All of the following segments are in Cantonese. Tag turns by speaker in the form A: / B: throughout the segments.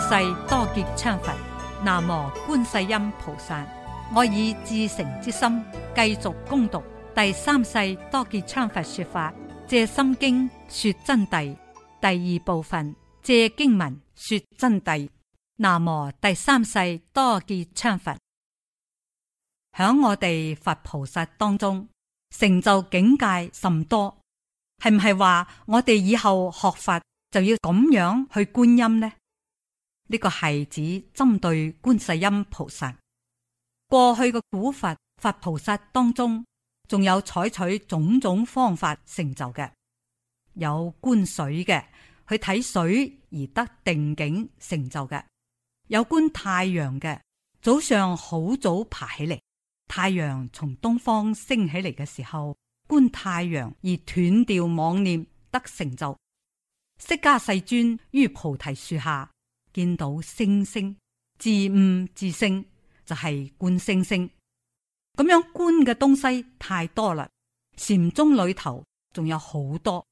A: 世多杰羌佛，南無觀世音菩薩。我以至誠之心，繼續恭讀第三世多杰羌佛說法，借心經說真諦第二部分，借經文說真諦。南無第三世多杰羌佛。響我哋佛菩薩當中，成就境界甚多，係唔係話我哋以後學佛就要咁樣去觀音呢？呢、這個係指針對觀世音菩薩。過去嘅古佛佛菩薩當中，仲有採取種種方法成就嘅，有觀水嘅，去睇水而得定境成就嘅，有觀太陽嘅，早上好早爬起嚟，太陽從東方升起嚟嘅時候，觀太陽而斷掉妄念得成就。釋迦世尊於菩提樹下。見到星星自悟自星，就係、是、觀星星，咁樣觀嘅東西太多啦。禪宗裏頭仲有好多，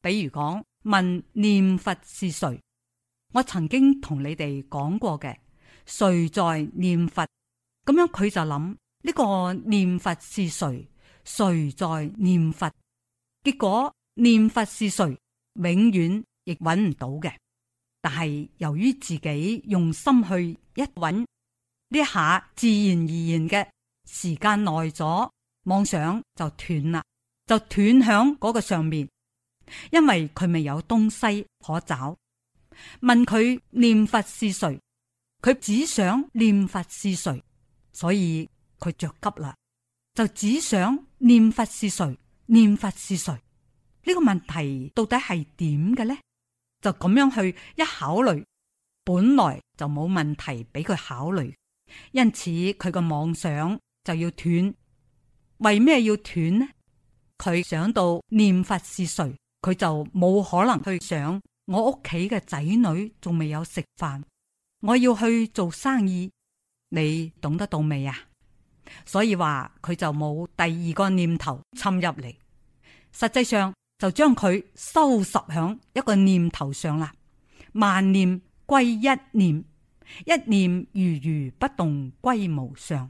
A: 比如講問念佛是誰，我曾經同你哋講過嘅，誰在念佛？咁樣佢就諗呢、這個念佛是誰？誰在念佛？結果念佛是誰，永遠亦揾唔到嘅。但係由於自己用心去一揾呢下，自然而然嘅時間耐咗，妄想就斷啦，就斷響嗰個上面，因為佢未有東西可找。問佢念佛是誰，佢只想念佛是誰，所以佢着急啦，就只想念佛是誰，念佛是誰？呢、這個問題到底係點嘅呢？就咁樣去一考慮，本來就冇問題俾佢考慮，因此佢個妄想就要斷。為咩要斷呢？佢想到念佛是誰，佢就冇可能去想我屋企嘅仔女仲未有食飯，我要去做生意，你懂得到未啊？所以話佢就冇第二個念頭侵入嚟，實際上。就將佢收拾響一個念頭上啦，萬念歸一念，一念如如不動歸無上，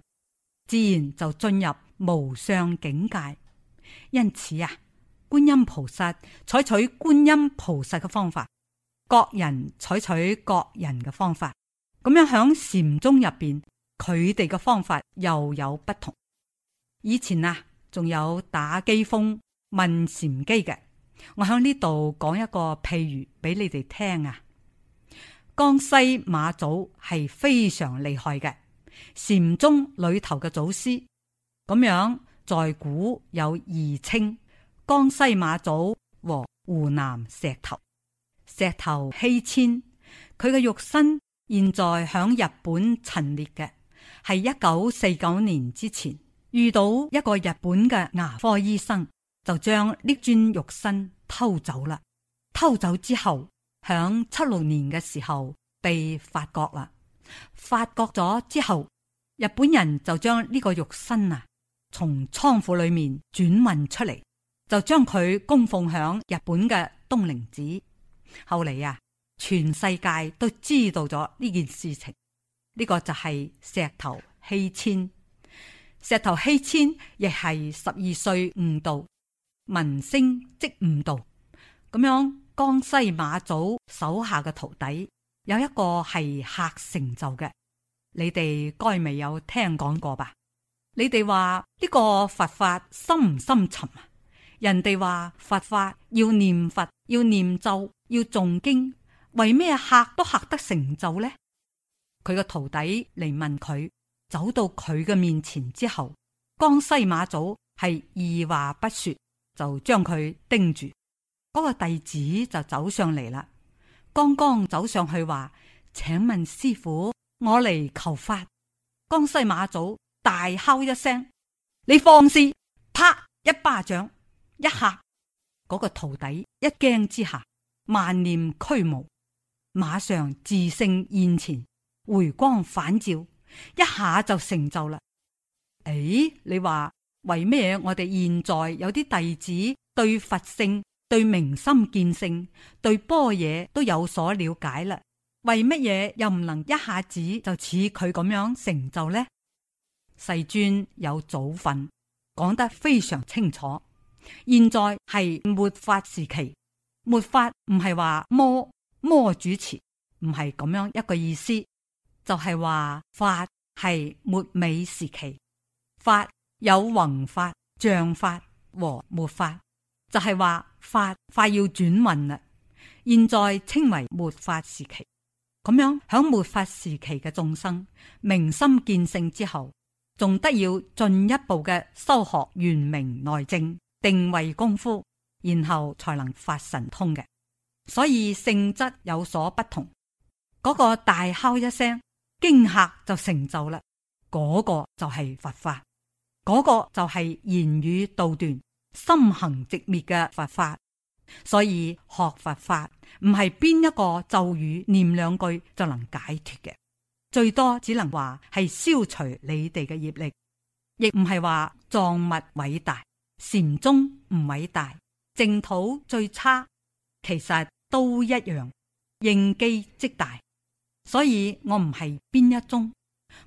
A: 自然就進入無上境界。因此啊，觀音菩薩採取觀音菩薩嘅方法，各人採取各人嘅方法，咁樣響禪宗入邊，佢哋嘅方法又有不同。以前啊，仲有打機鋒問禪機嘅。我喺呢度講一個譬如俾你哋聽啊，江西馬祖係非常厲害嘅禪宗裏頭嘅祖師，咁樣在古有義稱江西馬祖和湖南石頭，石頭希遷，佢嘅肉身現在響日本陳列嘅，係一九四九年之前遇到一個日本嘅牙科醫生。就將呢尊肉身偷走啦！偷走之後，響七六年嘅時候被發覺啦。發覺咗之後，日本人就將呢個肉身啊，從倉庫裏面轉運出嚟，就將佢供奉響日本嘅東陵寺。後嚟呀、啊，全世界都知道咗呢件事情。呢、呢個就係石頭希遷，石頭希遷亦係十二歲悟道。文聲即悟道，咁樣江西馬祖手下嘅徒弟有一個係喝成就嘅，你哋該未有聽講過吧？你哋話呢個佛法深唔深沉啊？人哋話佛法要念佛，要念咒，要誦經，為咩喝都喝得成就呢？佢個徒弟嚟問佢，走到佢嘅面前之後，江西馬祖係二話不說。就將佢盯住，嗰個弟子就走上嚟啦。剛剛走上去話，請問師父，我嚟求法。江西馬祖大吼一聲：你放肆！啪一巴掌，一下嗰個徒弟一驚之下，萬念俱無，馬上自性現前，回光返照，一下就成就啦。誒、哎，你話？為咩我哋現在有啲弟子對佛性、對明心見性、對般若都有所了解啦。為乜嘢又唔能一下子就似佢咁樣成就呢？世尊有祖訓講得非常清楚，現在係末法時期，末法唔係話魔魔主持，唔係咁樣一個意思，就係、是、話法係末尾時期法。有宏法、像法和末法，就係、是、話法快要轉運啦。現在稱為末法時期，咁樣響末法時期嘅眾生明心見性之後，仲得要進一步嘅修學圓明內證、定位功夫，然後才能發神通嘅。所以性質有所不同。嗰、那個大敲一聲驚嚇就成就啦，嗰、那個就係佛法。嗰、那個就係言語道斷、心行直滅嘅佛法，所以學佛法唔係邊一個咒語念兩句就能解脫嘅，最多只能話係消除你哋嘅業力，亦唔係話藏密偉大、禪宗唔偉大、淨土最差，其實都一樣應機即大，所以我唔係邊一宗，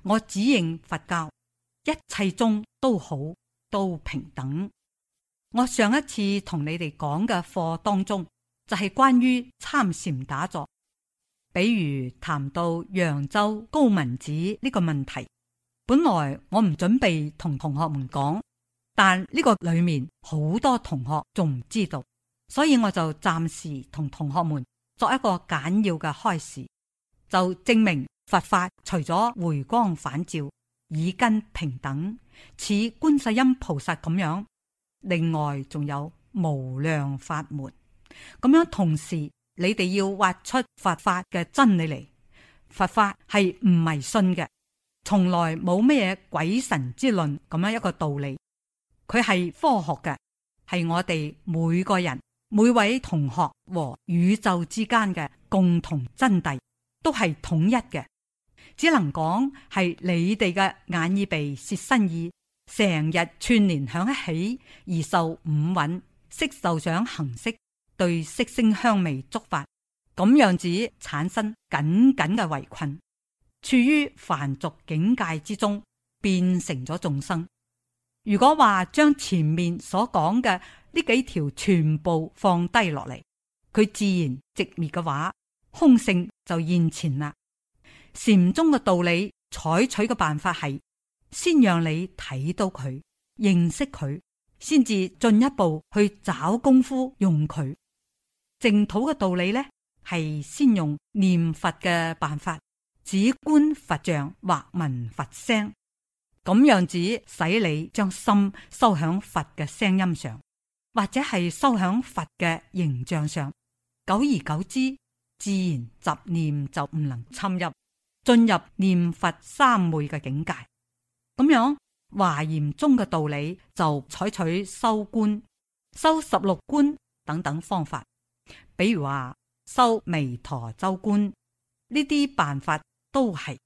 A: 我只認佛教。一切宗都好，都平等。我上一次同你哋講嘅課當中，就係、是、關於參禪打坐。比如談到揚州高文子呢個問題，本來我唔準備同同學們講，但呢個裏面好多同學仲唔知道，所以我就暫時同同學們作一個簡要嘅開示，就證明佛法除咗回光返照。以根平等似觀世音菩薩咁樣，另外仲有無量法門咁樣。同時，你哋要挖出佛法嘅真理嚟，佛法係唔迷信嘅，從來冇咩鬼神之論咁樣一個道理。佢係科學嘅，係我哋每個人、每位同學和宇宙之間嘅共同真諦，都係統一嘅。只能講係你哋嘅眼耳鼻舌身意，成日串聯響一起而受五蘊色受想行識對色聲香味觸法咁樣子產生緊緊嘅圍困，處於凡俗境界之中，變成咗眾生。如果話將前面所講嘅呢幾條全部放低落嚟，佢自然寂滅嘅話，空性就現前啦。禪宗嘅道理採取嘅辦法係先讓你睇到佢，認識佢，先至進一步去找功夫用佢。淨土嘅道理呢，係先用念佛嘅辦法，指觀佛像或聞佛聲，咁樣子使你將心收響佛嘅聲音上，或者係收響佛嘅形象上，久而久之，自然雜念就唔能侵入。進入念佛三昧嘅境界，咁樣華嚴宗嘅道理就採取修觀、修十六觀等等方法，比如話修彌陀周觀呢啲辦法都係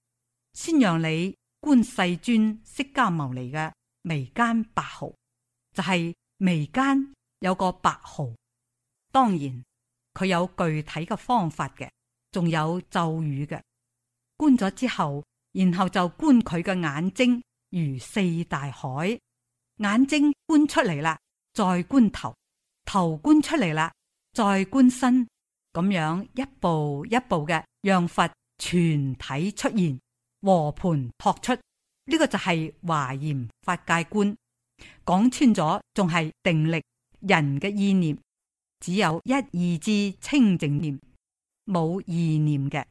A: 先讓你觀世尊釋迦牟尼嘅眉間白毫，就係、是、眉間有個白毫。當然佢有具體嘅方法嘅，仲有咒語嘅。觀咗之後，然後就觀佢嘅眼睛如四大海，眼睛觀出嚟啦，再觀頭，頭觀出嚟啦，再觀身，咁樣一步一步嘅，讓佛全體出現，和盤托出，呢個就係華嚴法界觀。講穿咗仲係定力，人嘅意念只有一二支清淨念，冇意念嘅。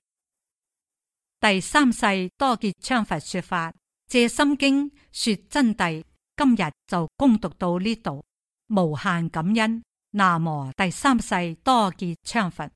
A: 第三世多杰羌佛說法《藉心經》說真諦，今日就恭讀到呢度，無限感恩。南無第三世多杰羌佛。